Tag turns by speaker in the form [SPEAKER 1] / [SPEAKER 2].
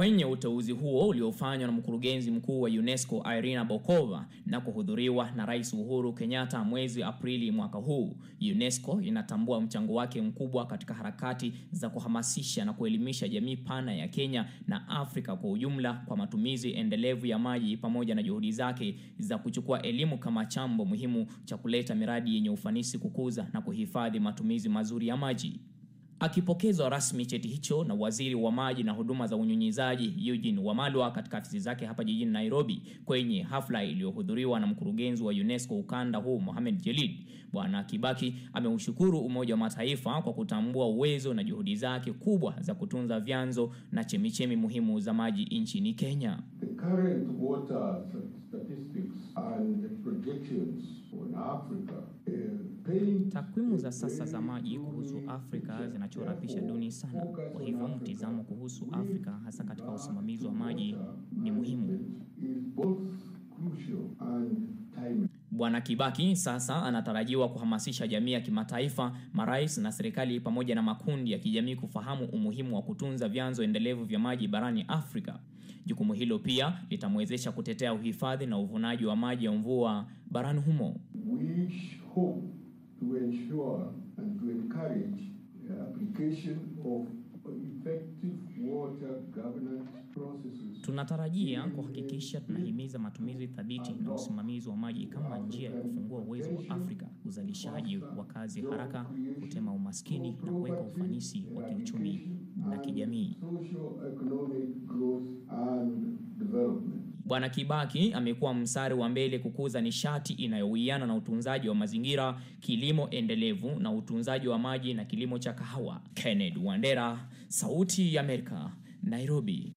[SPEAKER 1] Kwenye uteuzi huo uliofanywa na mkurugenzi mkuu wa UNESCO Irina Bokova na kuhudhuriwa na Rais Uhuru Kenyatta mwezi Aprili mwaka huu, UNESCO inatambua mchango wake mkubwa katika harakati za kuhamasisha na kuelimisha jamii pana ya Kenya na Afrika kwa ujumla kwa matumizi endelevu ya maji pamoja na juhudi zake za kuchukua elimu kama chambo muhimu cha kuleta miradi yenye ufanisi, kukuza na kuhifadhi matumizi mazuri ya maji. Akipokezwa rasmi cheti hicho na waziri wa maji na huduma za unyunyizaji Eugene Wamalwa katika afisi zake hapa jijini Nairobi, kwenye hafla iliyohudhuriwa na mkurugenzi wa UNESCO ukanda huu Mohamed Jelid, Bwana Kibaki ameushukuru Umoja wa Mataifa kwa kutambua uwezo na juhudi zake kubwa za kutunza vyanzo na chemichemi muhimu za maji nchini Kenya. The Takwimu za sasa za maji kuhusu Afrika zinachorapisha duni sana. Kwa hivyo mtizamo kuhusu Afrika hasa katika usimamizi wa maji ni muhimu. Bwana Kibaki sasa anatarajiwa kuhamasisha jamii ya kimataifa, marais na serikali pamoja na makundi ya kijamii kufahamu umuhimu wa kutunza vyanzo endelevu vya maji barani Afrika. Jukumu hilo pia litamwezesha kutetea uhifadhi na uvunaji wa maji ya mvua barani humo
[SPEAKER 2] to ensure and to encourage the application of effective water governance processes.
[SPEAKER 1] Tunatarajia kuhakikisha tunahimiza matumizi thabiti na usimamizi wa maji kama njia ya kufungua uwezo wa Afrika, uzalishaji wa kazi haraka, kutema
[SPEAKER 2] umaskini na kuweka ufanisi wa kiuchumi na kijamii.
[SPEAKER 1] Bwana Kibaki amekuwa mstari wa mbele kukuza nishati inayowiana na utunzaji wa mazingira, kilimo endelevu na utunzaji wa maji na kilimo cha kahawa. Kenneth Wandera, Sauti ya Amerika, Nairobi.